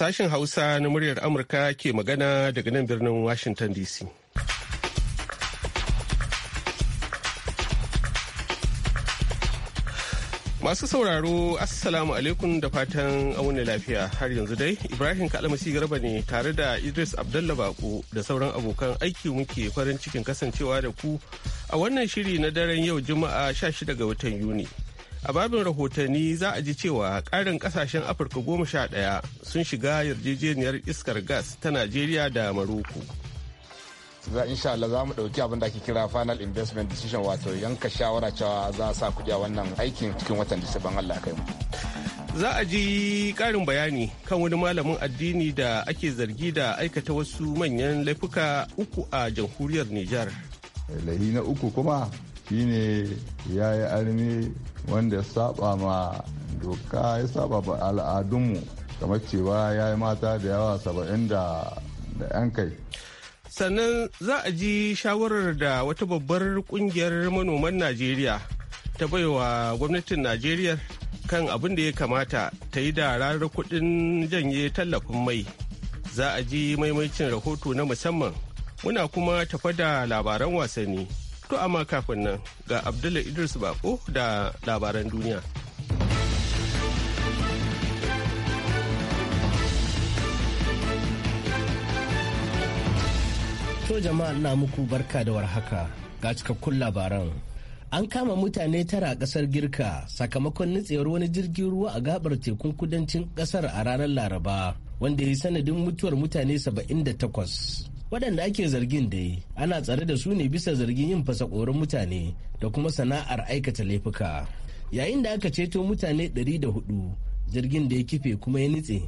Sashen Hausa na muryar Amurka ke magana daga nan birnin Washington DC. Masu sauraro Assalamu alaikum da fatan auna lafiya har yanzu dai Ibrahim Kalmasi Garba ne tare da Idris Abdullah Bako da sauran abokan aiki muke farin cikin kasancewa da ku a wannan shiri na daren yau Juma'a 16 ga watan Yuni. a babin rahotanni za a ji cewa ƙarin ƙasashen afirka goma sha ɗaya sun shiga yarjejeniyar iskar gas ta najeriya da maroko za insha Allah za mu dauki abin da ake kira final investment decision wato yanka shawara cewa za a sa kuɗi a wannan aikin cikin watan disamban Allah kai mu za a ji ƙarin bayani kan wani malamin addini da ake zargi da aikata wasu manyan laifuka uku a jamhuriyar Nijar. lahi na uku kuma shine ya yi armi wanda ya saba ma doka ya saba ba al'adunmu kamar cewa ya yi mata da yawa saba'in da 'yan kai sannan za a ji shawarar da wata babbar kungiyar manoman najeriya ta baiwa gwamnatin najeriya kan abin da ya kamata ta yi da ranar kudin janye tallafin mai za a ji maimaicin rahoto na musamman muna kuma tafa da labaran wasanni To amma kafin nan ga Abdullahi Idris Bako da labaran duniya. To jama'a na muku barka da warhaka ga cikakkun labaran. An kama mutane tara a kasar Girka sakamakon nutsewar wani jirgin ruwa a gabar tekun kudancin ƙasar a ranar Laraba wanda ya sanadin mutuwar mutane 78. waɗanda ake zargin da yi ana tsare da su ne bisa zargin yin fasakorin mutane da kuma sana'ar aikata laifuka yayin da aka ceto mutane 104 jirgin da ya kife kuma ya nitse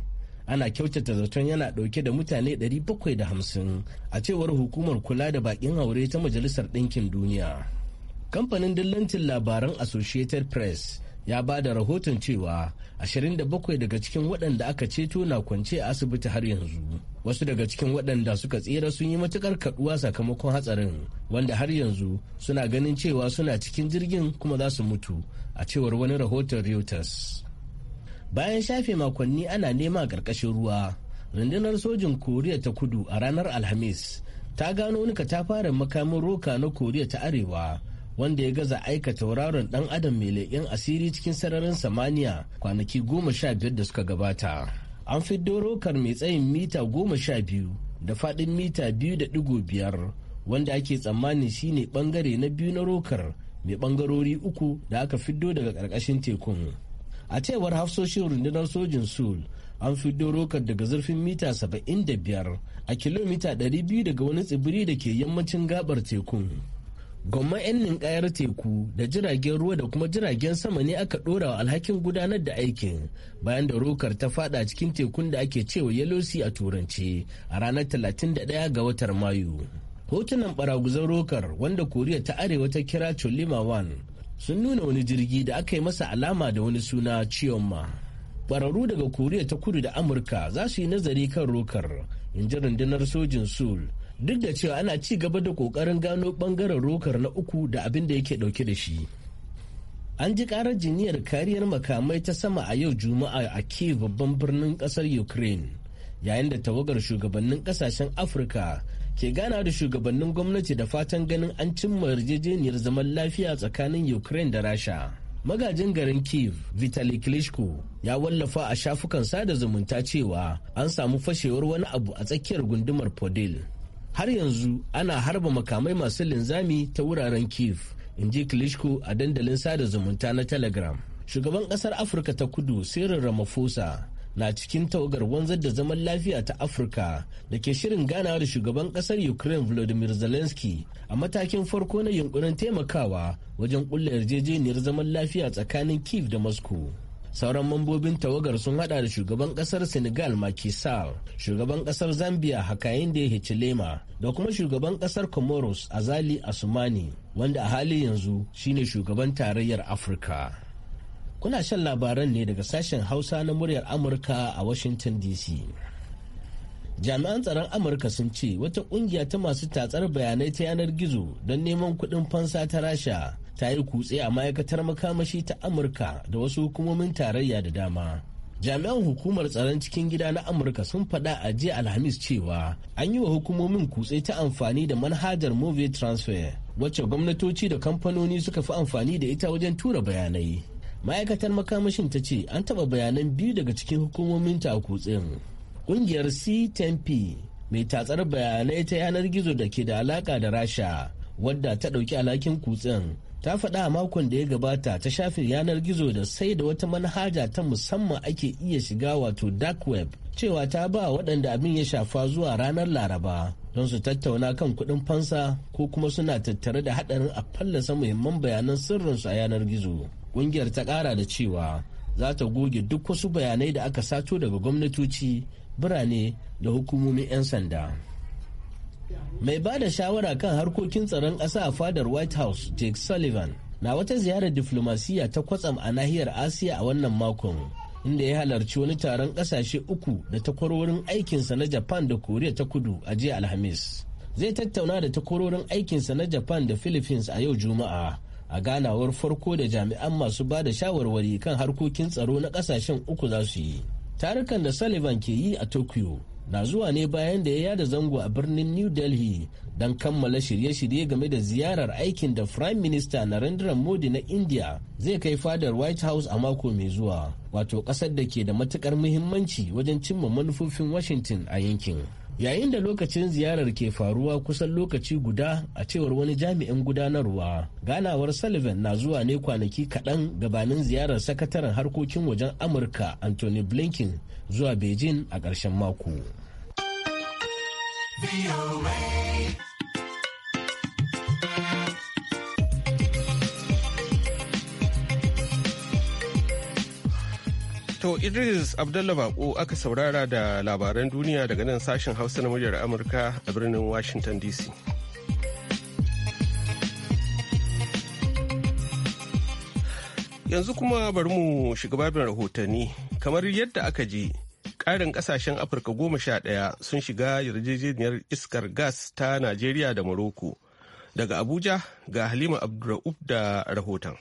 ana kyautata zaton yana ɗauke da mutane 750 a cewar hukumar kula da baƙin haure ta majalisar ɗinkin duniya kamfanin dillancin labaran associated press ya ba da rahoton cewa 27 daga cikin waɗanda aka ceto na kwance a asibiti har yanzu wasu daga cikin waɗanda suka tsira sun yi matukar kaduwa sakamakon hatsarin wanda har yanzu suna ganin cewa suna cikin jirgin kuma za su mutu a cewar wani rahoton reuters bayan shafe makonni ana nema ƙarƙashin ruwa rundunar sojin koriya ta kudu a ranar alhamis ta gano wani katafaren makamin roka na koriya ta arewa wanda ya gaza aikata tauraron dan adam mai leƙen asiri cikin sararin samaniya kwanaki goma sha biyar da suka gabata an fiddo rokar mai tsayin mita goma sha biyu da faɗin mita biyu da ɗigo biyar wanda ake tsammanin shine ɓangare na biyu na rokar mai ɓangarori uku da aka fiddo daga ƙarƙashin tekun a cewar hafsoshin rundunar sojin sul an fiddo rokar daga zurfin mita saba'in da biyar a kilomita ɗari biyu daga wani tsibiri da ke yammacin gabar tekun gwamma 'yan ninkayar teku da jiragen ruwa da kuma jiragen sama ne aka ɗora wa alhakin gudanar da aikin bayan da rokar ta fada cikin tekun da ake cewa yalosi a turanci a ranar 31 ga watan mayu hotunan baraguzan rokar wanda koriya ta arewa ta kira cholima one sun nuna wani jirgi da aka yi masa alama da wani suna chioma kwararru daga koriya ta kudu da amurka za su yi nazari kan rokar in ji rundunar sojin sul duk da cewa ana ci gaba da kokarin gano bangaren rokar na uku da abin da yake dauke da shi an ji karar jiniyar kariyar makamai ta sama a yau juma'a a kiev babban birnin kasar ukraine yayin da tawagar shugabannin kasashen afirka ke gana da shugabannin gwamnati da fatan ganin an cimma yarjejeniyar zaman lafiya tsakanin ukraine da rasha magajin garin kiev vitali klitschko ya wallafa a shafukan sada zumunta cewa an samu fashewar wani abu a tsakiyar gundumar podil har yanzu ana harba makamai masu linzami ta wuraren kiev in ji klitschko a dandalin sada zumunta na telegram shugaban kasar afirka ta kudu sirrin ramaphosa na cikin tawagar wanzar da zaman lafiya ta afirka da ke shirin ganawa da shugaban kasar ukraine volodymyr zelensky a matakin farko na yunkurin taimakawa wajen kulla yarjejeniyar zaman lafiya tsakanin kiev da moscow sauran mambobin tawagar sun hada da shugaban kasar senegal Macky Sall shugaban kasar zambia Hakainde Hichilema da kuma shugaban kasar comoros Azali Asumani wanda a hali yanzu shine shugaban tarayyar afirka kuna shan labaran ne daga sashen hausa na muryar amurka a washington dc jami'an tsaron amurka sun ce wata kungiya ta masu tatsar bayanai ta yanar gizo don neman kudin fansa ta rasha ta yi kutse a ma'aikatar makamashi ta amurka da wasu hukumomin tarayya da dama jami'an hukumar tsaron cikin gida na amurka sun faɗa a jiya alhamis cewa an yi wa hukumomin kutse ta amfani da manhajar movie transfer wacce gwamnatoci da kamfanoni suka fi amfani da ita wajen tura bayanai ma'aikatar makamashin ta ce an taɓa bayanan biyu daga cikin hukumomin ta a kutsen ƙungiyar c10p mai tatsar bayanai ta yanar gizo da ke da alaƙa da rasha wadda ta ɗauki alhakin kutsen ta faɗa a makon da ya gabata ta shafin yanar gizo da sai da wata manhaja ta musamman ake iya shiga wato dark web cewa ta ba waɗanda abin ya shafa zuwa ranar laraba don su tattauna kan kuɗin fansa ko kuma suna tattare da haɗarin a fallasa muhimman bayanan sirrinsu a yanar gizo ƙungiyar ta ƙara da cewa za ta goge duk wasu bayanai da aka sato daga gwamnatoci birane da hukumomin 'yan sanda. mai ba da shawara kan harkokin tsaron ƙasa a fadar white house jake sullivan na wata ziyarar diflomasiyya ta kwatsam a nahiyar asiya a wannan makon inda ya halarci wani taron ƙasashe uku da takwarorin aikinsa na japan da koriya ta kudu a jiya alhamis zai tattauna da takwarorin aikinsa na japan da philippines a yau juma'a a ganawar farko da jami'an masu ba da shawarwari kan harkokin tsaro na ƙasashen uku za su yi tarukan da sullivan ke yi a tokyo na zuwa ne bayan da ya yada zango a birnin new delhi don kammala shirye-shirye game da ziyarar aikin da prime minister narendra modi na india zai kai fadar white house a mako mai zuwa wato kasar da ke da matukar muhimmanci wajen cimma manufofin washington a yankin yayin da lokacin ziyarar ke faruwa kusan lokaci guda a cewar wani jami'in gudanarwa ganawar sullivan na zuwa ne kwanaki kaɗan gabanin ziyarar sakataren harkokin wajen amurka anthony blinken zuwa beijing a ƙarshen mako. To Idris Abdullah Bako aka saurara da labaran duniya daga nan sashen Hausa na muryar Amurka a birnin Washington DC. Yanzu kuma bari mu shiga babin rahotanni. Kamar yadda aka je ƙarin ƙasashen Afirka goma sha ɗaya sun shiga yarjejeniyar iskar gas ta Najeriya da Morocco. Daga Abuja ga Halima Abdulra'uf da rahoton.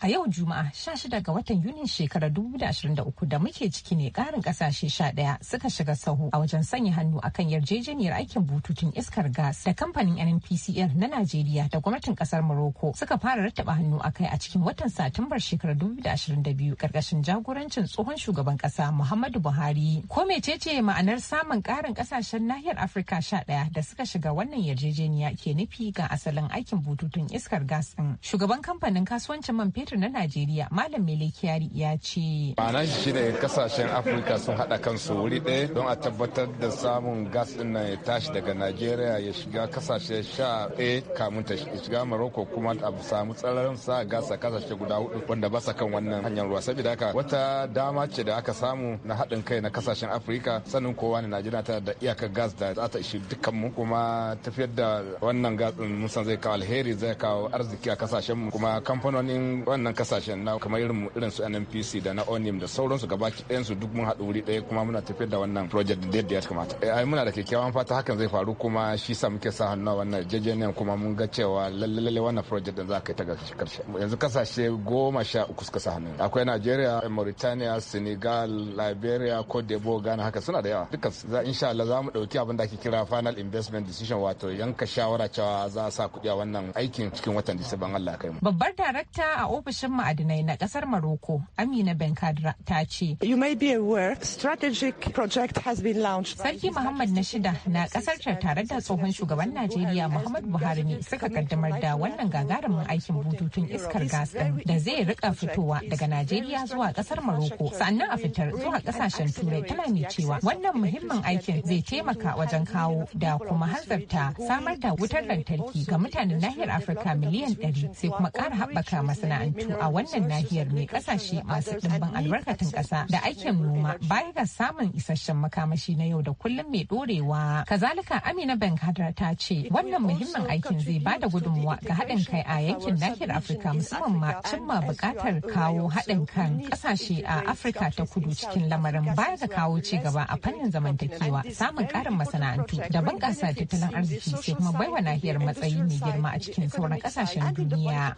A yau Juma'a 16 ga watan Yunin shekarar 2023 da muke ciki ne karin kasashe 11 suka shiga sahu a wajen sanya hannu akan yarjejeniyar aikin bututun iskar gas da kamfanin NNPCL na Najeriya da gwamnatin kasar Morocco suka fara rattaba hannu akai a cikin watan Satumbar shekarar 2022 karkashin jagorancin tsohon shugaban kasa Muhammadu Buhari. Ko mecece ma'anar samun karin kasashen nahiyar Afirka 11 da suka shiga wannan yarjejeniya ke nufi ga asalin aikin bututun iskar gas din. Shugaban kamfanin kasuwancin man fetur fetur na Najeriya Malam Mele Kyari ya ce. Ma'ana shi ne kasashen Afirka sun haɗa kansu wuri ɗaya don a tabbatar da samun gas ɗin nan ya tashi daga Najeriya ya shiga kasashe sha ɗaya kamun ta shiga Morocco kuma a samu tsararin sa gas a kasashe guda hudu wanda ba sa kan wannan hanyar ruwa saboda haka wata dama ce da aka samu na haɗin kai na kasashen Afirka sanin kowa ne Najeriya ta da iyakar gas da za ta ishi dukkanmu kuma tafiyar da wannan gas ɗin musan zai kawo alheri zai kawo arziki a kasashen mu kuma kamfanonin wannan kasashen na kamar irin irin su NNPC da na ONIM da sauransu gabaki ɗayan su duk mun haɗu wuri ɗaya kuma muna tafiyar da wannan project da yadda ya kamata eh, ai muna da kyakkyawan fata hakan zai faru kuma shi sa muke sa hannu wannan jejeniyan kuma mun ga cewa lalle wannan project da za ka yi ta karshe yanzu kasashe goma sha uku suka sa hannu akwai Nigeria Mauritania Senegal Liberia Cote d'Ivoire Ghana haka suna da yawa dukkan za insha Allah za mu dauki abin da ake kira final investment decision wato yanka shawara cewa za a sa kuɗi a wannan aikin cikin watan Disamba Allah kai mu babbar darakta a ofishin ma'adinai na kasar Maroko, Amina Benkadra ta ce. You may be aware, strategic project has been launched. Sarki Muhammad na shida na kasar tare da tsohon shugaban Najeriya Muhammad Buhari ne suka kaddamar da wannan gagarumin aikin bututun iskar gas din da zai rika fitowa daga Najeriya zuwa kasar Maroko, sannan a fitar zuwa kasashen Turai tana mai cewa wannan muhimmin aikin zai taimaka wajen kawo da kuma hanzarta samar da wutar lantarki ga mutanen nahiyar Afirka miliyan 100 sai kuma ƙara haɓaka masana'antu. a wannan nahiyar mai kasashe masu ɗimbin albarkatun ƙasa da aikin noma baya ga samun isasshen makamashi na yau da kullum mai ɗorewa. Kazalika Amina Benkadar ta ce wannan muhimmin aikin zai ba da gudunmuwa ga haɗin kai a yankin nahiyar Afirka musamman ma cimma buƙatar kawo haɗin kan ƙasashe a Afirka ta kudu cikin lamarin baya ga kawo ci gaba a fannin zamantakewa samun ƙarin masana'antu da bunƙasa tattalin arziki sai kuma baiwa nahiyar matsayi mai girma a cikin sauran ƙasashen duniya.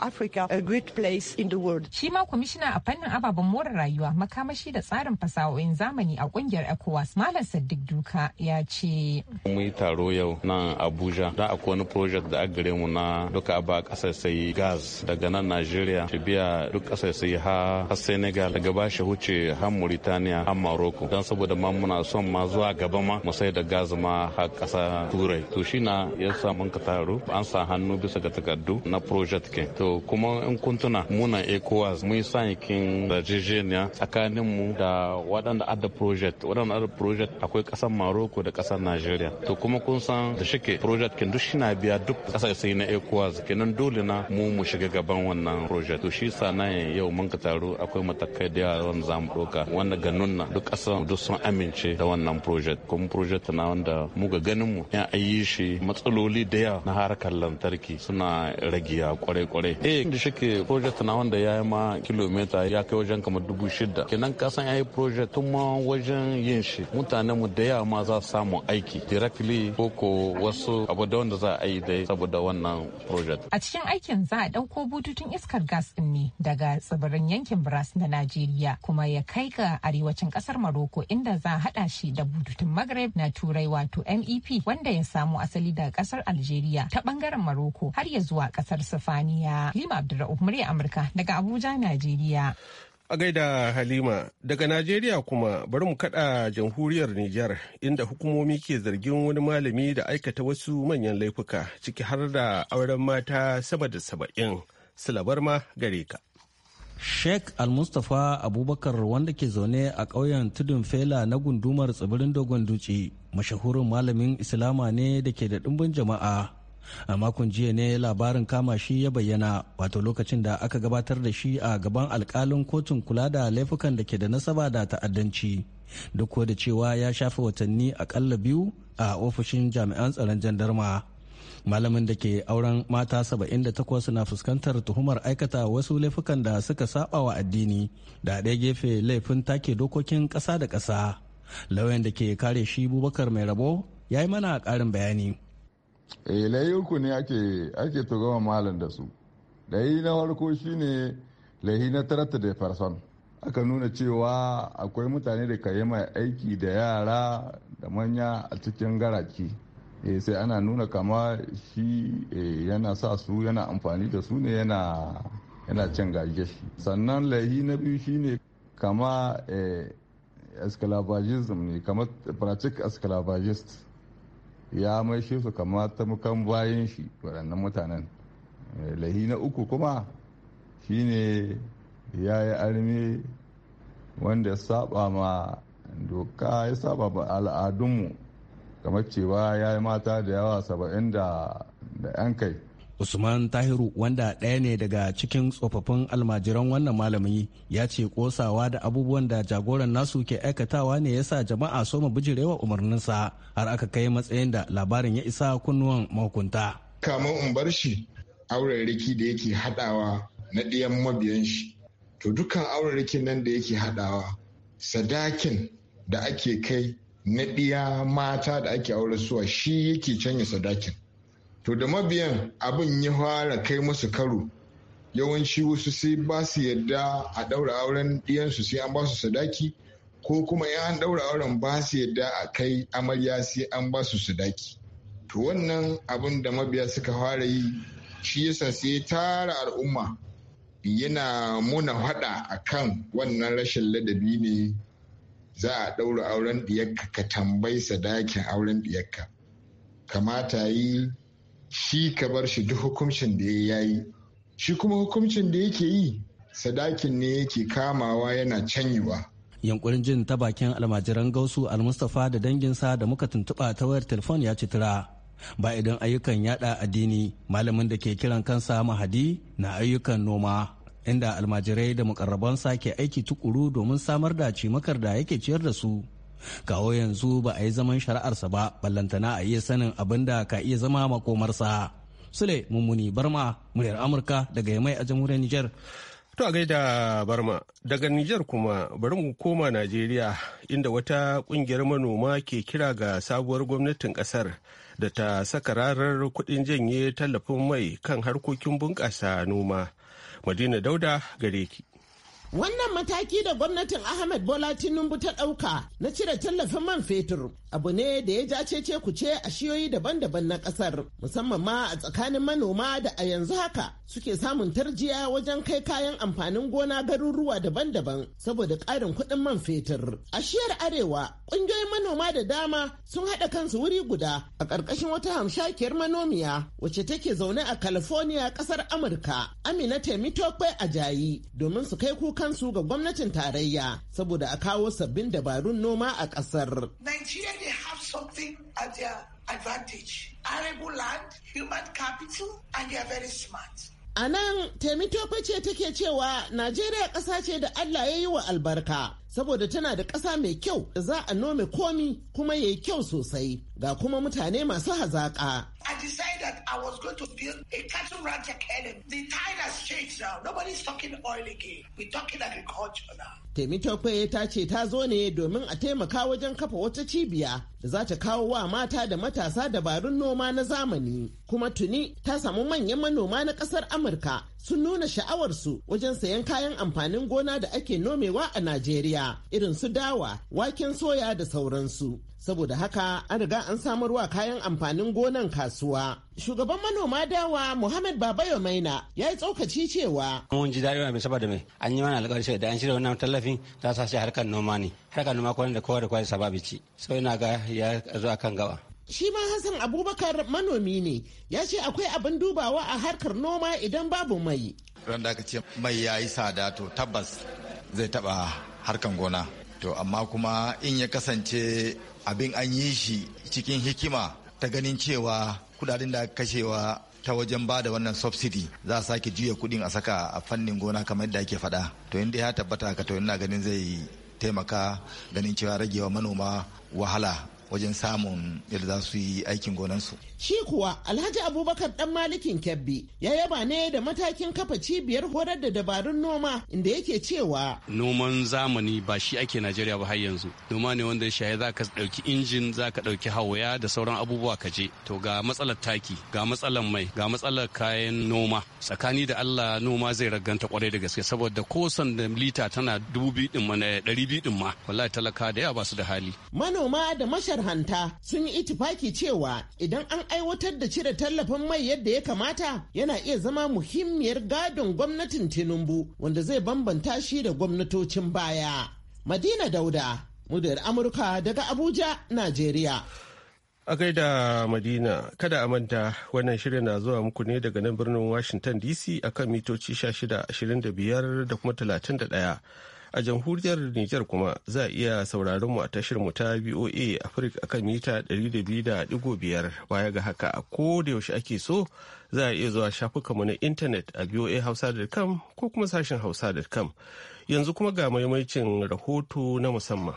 Africa a great place in the world. Shi ma kwamishina a fannin ababen more rayuwa makamashi da tsarin fasahohin zamani a kungiyar ECOWAS Malam Sadiq Duka ya ce. Mun yi taro yau nan Abuja da akwai wani project da agare mu na duka ba kasar sai gas daga nan Nigeria ta biya duk kasar sai ha Senegal daga ba shi huce har Mauritania har Morocco dan saboda ma muna son ma zuwa gaba ma mu sai da gas ma har kasa Turai to shi na ya mun ka taro an sa hannu bisa ga takardu na project ke to kuma in kuntuna muna ecowas mun sa kin rajejeniya tsakanin mu da waɗanda adda project waɗanda adda project akwai ƙasar maroko da ƙasar nigeria to kuma kun san da shike project kin duk shina biya duk sai na ecowas kenan dole na mu mu shiga gaban wannan project to shi sa na yau mun ka taro akwai matakai da yawa wanda zamu ɗauka wanda ga na duk ƙasar duk sun amince da wannan project kuma project na wanda mu ga ganin mu ya ayi shi matsaloli da yawa na harkar lantarki suna ragiya kwarai kwarai kwarai eh da shike project na wanda ya yi ma kilomita ya kai wajen kamar dubu shida kenan ka san yayi project tun ma wajen yin shi mutanen mu da yawa ma za su samu aiki directly ko ko wasu abu da wanda za a yi dai saboda wannan project a cikin aikin za a dauko bututun iskar gas din ne daga tsibirin yankin Bras na Najeriya kuma ya kai ga arewacin kasar Maroko inda za a hada shi da bututun Maghreb na Turai wato MEP wanda ya samu asali daga kasar Algeria ta bangaren Maroko har ya zuwa kasar Sifaniya Halima Abdulra'uf murya Amurka daga Abuja, Najeriya. A gaida Halima, daga Najeriya kuma bari mu kada jamhuriyar Nijar inda hukumomi ke zargin wani malami da aikata wasu manyan laifuka ciki har da auren mata sama da saba'in. Silabar ma gare ka. Sheikh Al-Mustapha Abubakar wanda ke zaune a ƙauyen Tudun Fela na gundumar tsibirin Dogon Dutse, mashahurin malamin Islama ne da ke da ɗimbin jama'a a makon jiya ne labarin kama shi ya bayyana wato lokacin da aka gabatar da shi a gaban alkalin kotun kula da laifukan da ke da nasaba da ta'addanci duk da cewa ya shafi watanni akalla biyu a ofishin jami'an tsaron jandarma malamin da ke auren mata 78 suna fuskantar tuhumar aikata wasu laifukan da suka saba wa addini da ɗaya gefe laifin take dokokin ƙasa da ƙasa lauyan da ke kare shi bubakar mai rabo ya yi mana ƙarin bayani eh layi ne ake ake tugama malam da su layi na farko shine layi na tarata da farson aka nuna cewa akwai mutane da ka yi mai aiki da yara da manya a cikin garaki eh sai ana nuna kama shi eh, yana sa su yana amfani da su ne yana yana cin gaje sannan lahi na biyu shine kama eh, esclavagism ne kama pratic esclavagist ya maishe su kama mukan bayan shi waɗannan mutanen eh, lahi na uku kuma shine ya yi arme wanda ya saba ma doka ya saba ba al'adunmu kamar cewa ya yi mata da yawa saba'in da 'yan kai Usman Tahiru wanda ɗaya ne daga cikin tsofaffin almajiran wannan malami ya ce kosawa da abubuwan da jagoran nasu ke aikatawa ne ya sa jama'a soma bijirewa umarninsa har aka kai matsayin da labarin ya isa kunnuwan mahukunta. Kamar in bar shi aurariki da yake haɗawa na ɗiyan mabiyan shi. To dukkan rikin nan da yake haɗawa sadakin da ake kai na ɗiya mata da ake aure suwa shi yake canya sadakin. to da mabiyan abin ya fara kai masu karo yawanci wasu sai ba su yadda a ɗaura auren ɗiyansu sai an ba su sadaki ko kuma in an ɗaura auren ba su yadda a kai amarya sai an ba su sadaki to wannan abin da mabiya suka fara yi shi yasa sai ya tara al'umma yana muna haɗa a kan wannan rashin ladabi ne za a ɗaura auren ɗiyarka ka tambayi sadakin auren ɗiyarka kamata yi shi ka bar shi duk hukuncin da ya yi shi kuma hukuncin da yake yi sadakin ne yake kamawa yana canyewa yankurin jin ta bakin almajiran gausu almustafa da danginsa da muka tuntuɓa ta wayar telefon ya ci tura ba idan ayyukan yada addini malamin da ke kiran kansa mahadi na ayyukan noma inda almajirai da mukarrabansa ke aiki tukuru domin samar da cimakar da yake ciyar da su kawo yanzu ba a yi zaman shari'arsa ba ballantana a iya sanin abin da ka iya zama makomarsa sule mummuni barma muryar amurka daga yamai a jamhuriyar niger To a gaida Barma, daga Nijar kuma bari mu koma Najeriya inda wata kungiyar manoma ke kira ga sabuwar gwamnatin kasar da ta saka ranar kudin janye tallafin mai kan harkokin bunƙasa noma. Madina Dauda gare ki. Wannan mataki da gwamnatin Ahmed Bola Tinubu ta ɗauka na cire tallafin man fetur abu ne da ya ja cece ku ce a shiyoyi daban-daban na kasar musamman ma a tsakanin manoma da a yanzu haka suke samun tarjiya wajen kai kayan amfanin gona garuruwa daban-daban saboda ƙarin kuɗin man fetur a shiyar arewa ƙungiyoyin manoma da dama sun haɗa kansu wuri guda a ƙarƙashin wata hamshakiyar manomiya wacce take zaune a california ƙasar amurka amina a jayi domin su kai kukansu ga gwamnatin tarayya saboda a kawo sabbin dabarun noma a ƙasar. they have something at their advantage. Arable land, human capital, and they are very smart. A nan, Temitope ce take cewa Najeriya ƙasa ce da Allah ya yi wa albarka. saboda tana da ƙasa mai kyau da za a nome komi kuma ya yi kyau sosai ga kuma mutane masu hazaƙa. I decided I was going to a Temitope ta ce ta zo ne domin a taimaka wajen kafa wata cibiya da za ta kawo wa mata da matasa dabarun noma na zamani. Kuma tuni ta samu manyan manoma na ƙasar Amurka sun nuna sha'awarsu wajen sayan kayan amfanin gona da ake nomewa a Najeriya irin su dawa, waken soya da sauransu. Saboda haka an riga an samarwa kayan amfanin gonan kasuwa. Shugaban manoma dawa Muhammad Baba Maina ya yi tsokaci cewa. Mun ji daɗi mai saboda mai an yi mana alƙawarin da an shirya wannan tallafin za su harkar noma ne. Harkar noma kwanan da kowa da kowa sababi ci. Sau ina ga ya zo a kan gaba. shi ma hassan abubakar manomi ne ya ce akwai abin dubawa a harkar noma idan babu mai ran da aka ce mai ya yi sada to tabbas zai taba harkan gona to amma kuma in ya kasance abin an yi shi cikin hikima ta ganin cewa kudaden da kashewa ta wajen ba da wannan subsidy za a sake juya kudin a saka a fannin gona kamar yadda ake faɗa to inda ya tabbata ka to ina ganin zai taimaka ganin cewa ragewa manoma wahala wajen samun yadda za su yi aikin gonansu Shi kuwa Alhaji Abubakar dan Malikin Kebbi ya yaba ne da matakin kafa cibiyar horar da dabarun noma inda yake cewa noman zamani ba shi ake Najeriya ba har yanzu. Noma ne wanda ya shaye za ka ɗauki injin za ka ɗauki hawaya da sauran abubuwa ka je. To ga matsalar taki, ga matsalar mai, ga matsalar kayan noma. Tsakani da Allah noma zai raganta kwarai da gaske saboda ko da lita tana dubu biyu ɗin na eh, ɗari biyu ɗin ma wallahi talaka da yawa ba su da hali. Manoma da masharhanta sun yi itifaki cewa idan an aiwatar da cire tallafin mai yadda ya kamata yana iya zama muhimmiyar gadon gwamnatin Tinubu wanda zai bambanta shi da gwamnatocin baya. Madina Dauda, muryar Amurka daga Abuja, Najeriya. A gaida Madina, kada a manta wannan shirin na zuwa muku ne daga nan birnin Washington DC akan mitoci 16, 25 da kuma 31. a jamhuriyar Nijar kuma za a iya sauraron mu a tashar mu ta VOA Africa akan mita 200.5 baya ga haka a ko da yaushe ake so za a iya zuwa shafukanmu na intanet a voahausa.com ko kuma sashen hausa.com yanzu kuma ga maimaicin rahoto na musamman.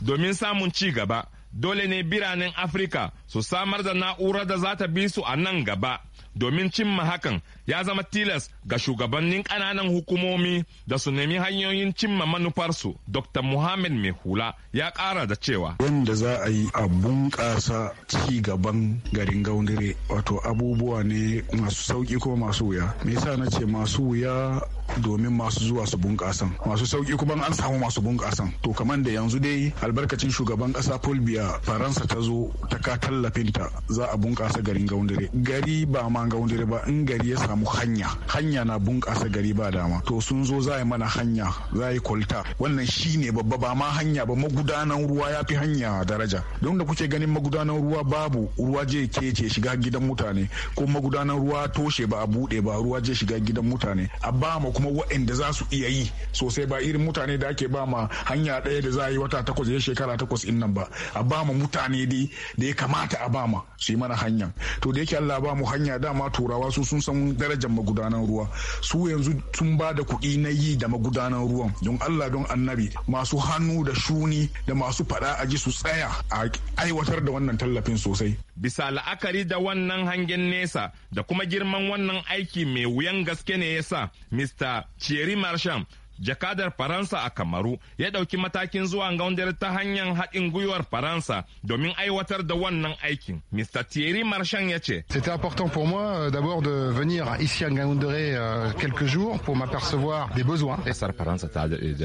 Domin samun ci gaba, dole ne biranen Afirka su samar da na'urar da za ta bi su a nan gaba. domin cimma hakan ya zama tilas ga shugabannin ƙananan hukumomi da su nemi hanyoyin cimma manufarsu dr muhammad mai hula ya ƙara da cewa wanda za a yi a bunƙasa ci gaban garin gaundare wato abubuwa ne masu sauƙi ko masu wuya me yasa na ce masu wuya domin masu zuwa su bunƙasan masu sauƙi kuma an samu masu bunƙasan to kamar da yanzu dai albarkacin shugaban ƙasa fulbiya faransa ta zo ta ka tallafinta za a bunƙasa garin gaundare gari ba ma ga wani ba in gari ya samu hanya hanya na bunƙasa gari ba dama to sun zo za a yi mana hanya za a yi kwalta wannan shine babba ba ma hanya ba magudanan ruwa ya fi hanya daraja don da kuke ganin magudanan ruwa babu ruwa je kece shiga gidan mutane ko magudanan ruwa toshe ba a buɗe ba ruwa je shiga gidan mutane a ba ma kuma waɗanda za su iya yi sosai ba irin mutane da ake ba ma hanya ɗaya da za a yi wata takwas ya shekara takwas in nan ba a ba ma mutane dai da ya kamata a ba ma su yi mana hanya to da yake Allah ba mu hanya dama turawa su sun san darajar magudanan ruwa su yanzu sun ba da kuɗi na yi da magudanan ruwan don allah don annabi masu hannu da shuni da masu fada a ji su tsaya a aiwatar da wannan tallafin sosai bisa la'akari da wannan hangen nesa da kuma girman wannan aiki mai wuyan gaske ne yasa mr thierry marsham jakadar faransa a kamaru ya ɗauki matakin zuwa gaundar ta hanyar haɗin gwiwar faransa domin aiwatar da wannan aikin mr thierry marchand ya ce c'était important pour moi euh, d'abord de venir ici à gaundare euh, quelques jours pour m'apercevoir des besoins kasar euh, faransa ta daɗe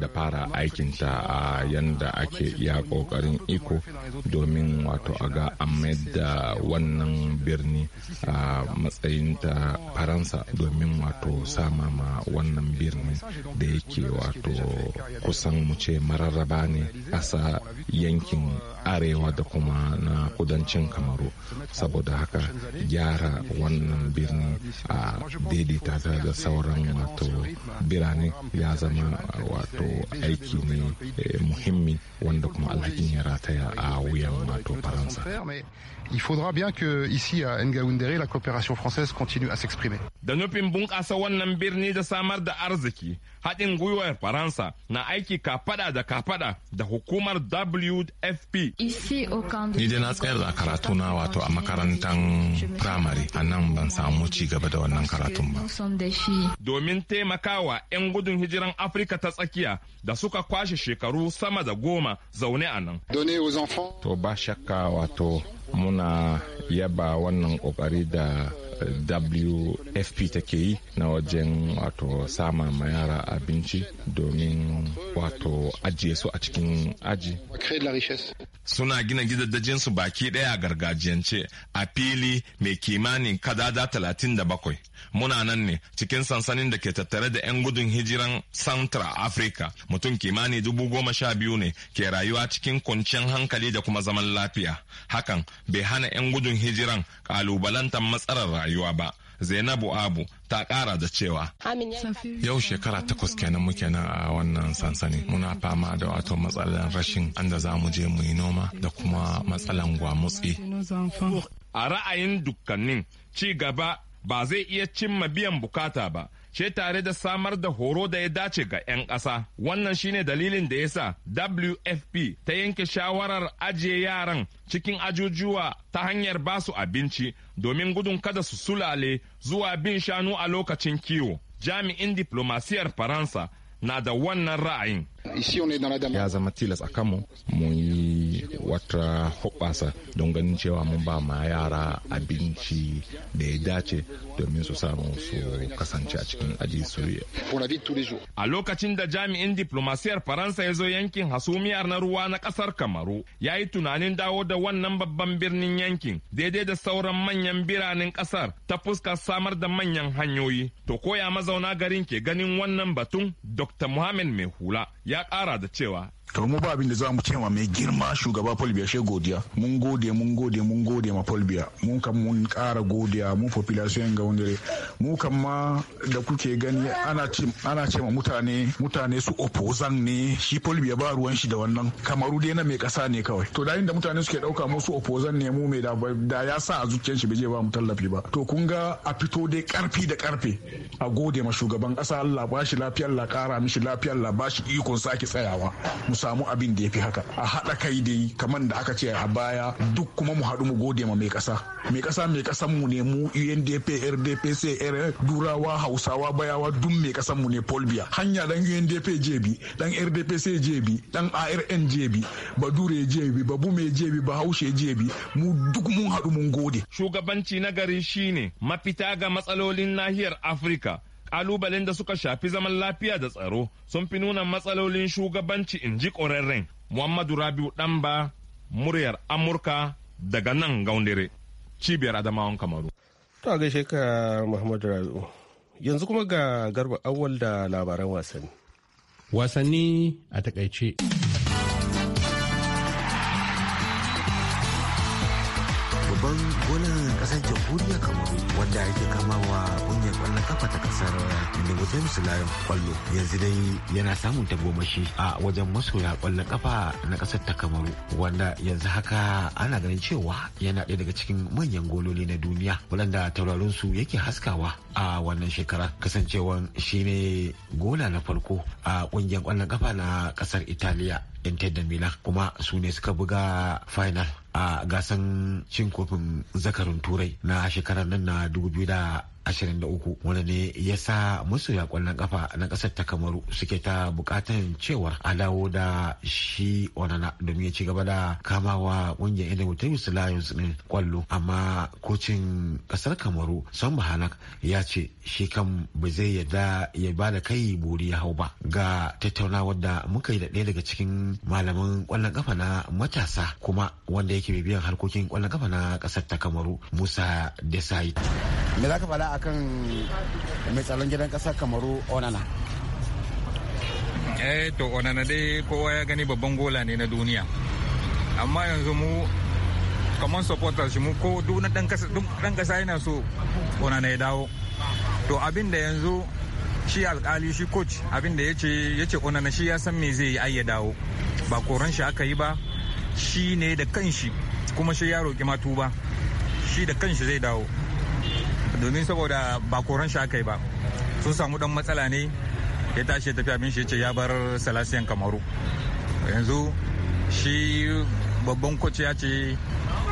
da fara aikin ta a yanda ake iya kokarin iko domin wato a ga an da wannan birni a matsayin ta faransa domin wato sama ma wannan birni. da yake wato kusan mu ce mararraba ne ƙasa yankin arewa da kuma na kudancin kamaru saboda haka gyara wannan birni a daidaita ta da sauran wato birane ya zama wato aiki ne eh, muhimmi wanda kuma alhakin ya rataya a wuyan wato faransa Il faudra bien que ici à Ngaoundéré la coopération française continue à s'exprimer. Da nufin bunƙasa wannan birni da samar da arziki, haɗin gwiwar faransa na aiki kafada da kafada da hukumar wfp ni dai na tsayar da karatu na wato a makarantar firamare a nan ban samu ci gaba da wannan karatun ba domin taimakawa 'yan gudun hijiran afirka ta tsakiya da suka kwashe shekaru sama da goma zaune a nan to ba shakka wato muna yaba wannan kokari da wfp take yi na wajen wato sama ma yara abinci domin wato ajiye su a cikin aji suna gina gidajen su baki daya gargajiyance a fili mai kimanin kadada 37 muna nan ne cikin sansanin da ke tattare da 'yan gudun hijiran santra afirka mutum kimani dubu goma sha biyu ne ke rayuwa cikin kwanciyar hankali da kuma zaman lafiya hakan bai hana 'yan gudun hijiran kalubalantar matsalar rayuwa rayuwa ba zainabu abu ta kara da cewa yau shekara takwas kenan muke nan a wannan sansani muna fama da wato matsalar rashin anda za mu je mu yi noma da kuma matsalan gwamutse a ra'ayin dukkanin ci gaba ba zai iya cimma biyan bukata ba ce tare da samar da horo da ya dace ga 'yan ƙasa. Wannan shine dalilin da ya sa WFP ta yanke shawarar ajiye yaran cikin ajujuwa ta hanyar basu abinci domin gudun kada su sulale zuwa bin shanu a lokacin kiwo. Jami'in diplomasiyar Faransa na da wannan ra'ayin. ya zama tilas a kanmu mu yi wata hoɓasa don ganin cewa mun ba ma yara abinci da ya dace domin su samu su kasance a cikin aji su a lokacin da jami'in diplomasiyar faransa ya zo yankin hasumiyar na ruwa na kasar kamaru ya yi tunanin dawo da wannan babban birnin yankin daidai da sauran manyan biranen kasar ta fuska samar da manyan hanyoyi to koya mazauna garin ke ganin wannan batun dr muhammad mai hula ya ya kara da to mu ba abin da za mu ce ma mai girma shugaba Paul Biya she godiya mun gode mun gode mun gode ma Paul Biya mun kan mun kara godiya mu population ga wani mu kan ma da kuke gani ana ce ana ce ma mutane mutane su opposan ne shi Paul Biya ba ruwan shi da wannan kamaru dai na mai kasa ne kawai to da inda mutane suke dauka su opposan ne mu mai da ya sa a zuciyar shi bai je ba mu tallafi ba to kun ga a fito dai karfi da karfe a gode ma shugaban ƙasa Allah ba shi lafiya Allah kara mishi lafiya Allah ba shi ikon sake tsayawa samu abin da ya fi haka a haɗa kai dai kamar da aka ce a baya duk kuma mu haɗu mu gode ma mai ƙasa mai ƙasa mai ƙasan mu ne mu UNDP RDP CR Durawa Hausawa Bayawa duk mai ƙasan mu ne Polbia hanya dan UNDP JB dan RDP CJB dan ARN JB Badure JB Babume JB Bahaushe JB mu duk mun haɗu mun gode shugabanci na gari shine mafita ga matsalolin nahiyar Afirka kalubalen da suka shafi zaman lafiya da tsaro sun fi nuna matsalolin shugabanci in ji ƙorarren muhammadu rabiu ɗanba muryar amurka daga nan gaundare cibiyar adamawan kamaru to a gaishe ka muhammadu rabiu yanzu kuma ga garba awwal da labaran wasanni wasanni a takaice babban golan kasar jamhuriyar kamaru wanda yake kamawa. kwallon kafa ta kasar Limutin Sulayon Kwallo yanzu dai yana samun tagomashi a wajen masoya kwallon kafa na kasar ta Kamaru wanda yanzu haka ana ganin cewa yana ɗaya daga cikin manyan gololi na duniya waɗanda tauraron su yake haskawa a wannan shekara kasancewan shine gola na farko a ƙungiyar kwallon kafa na kasar Italiya Inter da Milan kuma su ne suka buga final a gasan cin kofin zakarun turai na shekarar nan na 23 wanda ne ya sa musu masoya kwallon kafa na kasar ta kamaru suke ta bukatan cewar a dawo da shi onana domin ya ci gaba da kamawa kungiyar inda mutumis lions din kwallo amma kocin ƙasar kamaru son bahanak ya ce shi kan ba zai yarda ya ba da kai buri ya hau ba ga tattaunawar da muka yi da ɗaya daga cikin malaman kwallon kafa na matasa kuma wanda yake bibiyan harkokin kwallon kafa na ƙasar ta kamaru musa desai me za ka faɗa akan mai tsaron gidan kasa kamaru onana eh to onana dai kowa ya gani babban gola ne na duniya amma yanzu mu kamar supporters mu ko duk na dan kasa yana so onana ya dawo to abin da yanzu shi alkali shi coach abin da ya ce onana shi ya san me zai yi ya dawo ba koran shi aka yi ba shi ne da kanshi kuma shi ya roƙi matuba shi da kanshi zai dawo domin saboda ba koran shi aka yi ba sun samu dan matsala ne ya tashi tafiya abin shi ya ce ya bar salasiyan kamaru yanzu shi babban kwace ya ce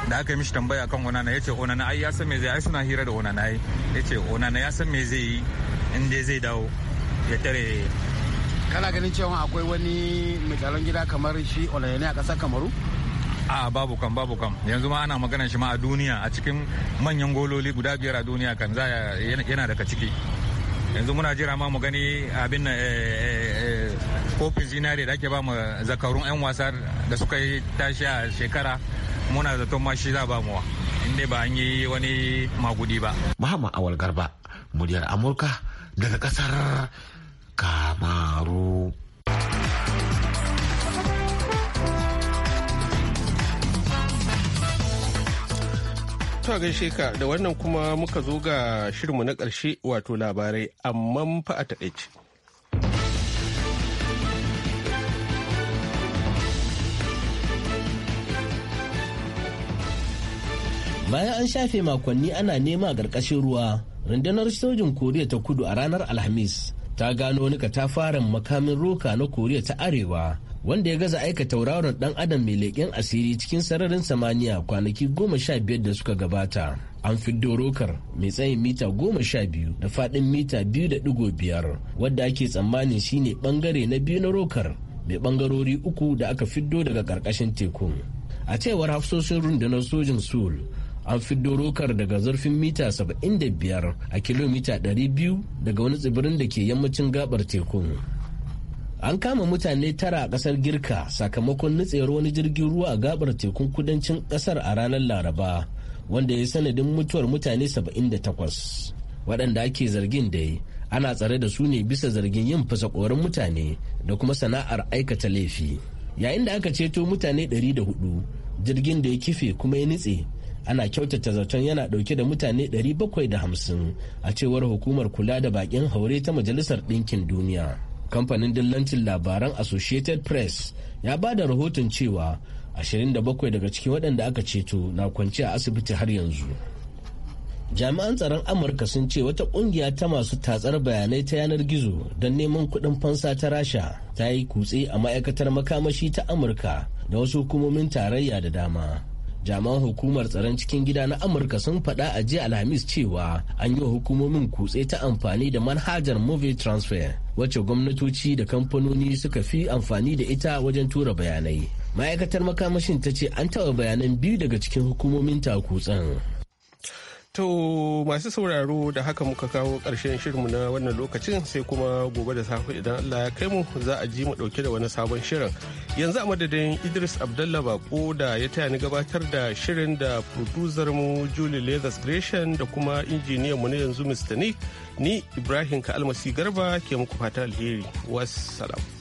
da aka yi mishi tambaya kan onana ya ce onana ai ya san me zai ai suna hira da onana ai ya ce onana ya san me zai yi in zai dawo ya tare kana ganin cewa akwai wani mai gida kamar shi onana a kasar kamaru a babu kam babu kam yanzu ma ana magana shi ma a duniya a cikin manyan gololi guda biyar a duniya kan za yana daga ciki yanzu muna jira ma mu gani abin eh, eh, eh, kofin zinare da ake ba mu zakarun 'yan wasa da suka yi tashi a shekara muna zaton ma shi za ba mu inda ba an yi wani magudi ba. Mahama Awal Garba, muryar Amurka daga kasar Kamaru. To gaishe ka da wannan kuma muka zo ga shirinmu na ƙarshe wato labarai amma fa a taƙaice. Bayan an shafe makonni ana nema ƙarƙashin ruwa, rundunar sojin Koriya ta kudu a ranar Alhamis ta gano nika ta fara makamin roka na Koriya ta Arewa wanda ya gaza aika tauraron dan adam mai leƙen asiri cikin sararin samaniya kwanaki goma sha biyar da suka gabata an fiddo rokar mai tsayin mita goma sha biyu da faɗin mita biyu da ɗigo biyar wadda ake tsammanin shine ɓangare na biyu na rokar mai ɓangarori uku da aka fiddo daga ƙarƙashin tekun a cewar hafsoshin rundunar sojin sul an fiddo rokar daga zurfin mita 75 a kilomita 200 daga wani tsibirin da ke yammacin gabar tekun an kama mutane tara a kasar girka sakamakon nutsewar wani jirgin ruwa a gabar tekun kudancin kasar a ranar laraba wanda ya sanadin mutuwar mutane 78 waɗanda ake zargin dai ana tsare da su ne bisa zargin yin fasakorin mutane da kuma sana'ar aikata laifi yayin da aka ceto mutane 104 jirgin da ya kife kuma ya nutse ana kyautata zaton yana dauke da mutane 750 a cewar hukumar kula da baƙin haure ta majalisar ɗinkin duniya kamfanin dillancin labaran associated press ya ba da rahoton cewa 27 daga cikin waɗanda aka ceto na kwanci a asibiti har yanzu jami'an tsaron amurka sun ce wata ƙungiya ta masu tatsar bayanai ta yanar gizo don neman kuɗin fansa ta rasha ta yi kutse a ma'aikatar makamashi ta amurka da wasu hukumomin tarayya da dama jami'an hukumar tsaron cikin gida na amurka sun faɗa a jiya alhamis cewa an yi wa hukumomin kutse ta amfani da manhajar movie transfer wacce gwamnatoci da kamfanoni suka fi amfani da ita wajen tura bayanai ma'aikatar makamashin ta ce an taɓa bayanan biyu daga cikin hukumomin ta kutsen. To masu sauraro da haka muka kawo ƙarshen shirinmu na wannan lokacin sai kuma gobe da safe idan Allah ya kai mu za a ji mu ɗauke da wani sabon shirin. Yanzu a madadin Idris Abdullah Bako da ya taya ni gabatar da shirin da producer mu Julie Leathers Creation da kuma injiniyan mu na yanzu Mr. Nick ni Ibrahim Ka'almasi Garba ke muku fata alheri. Wassalam.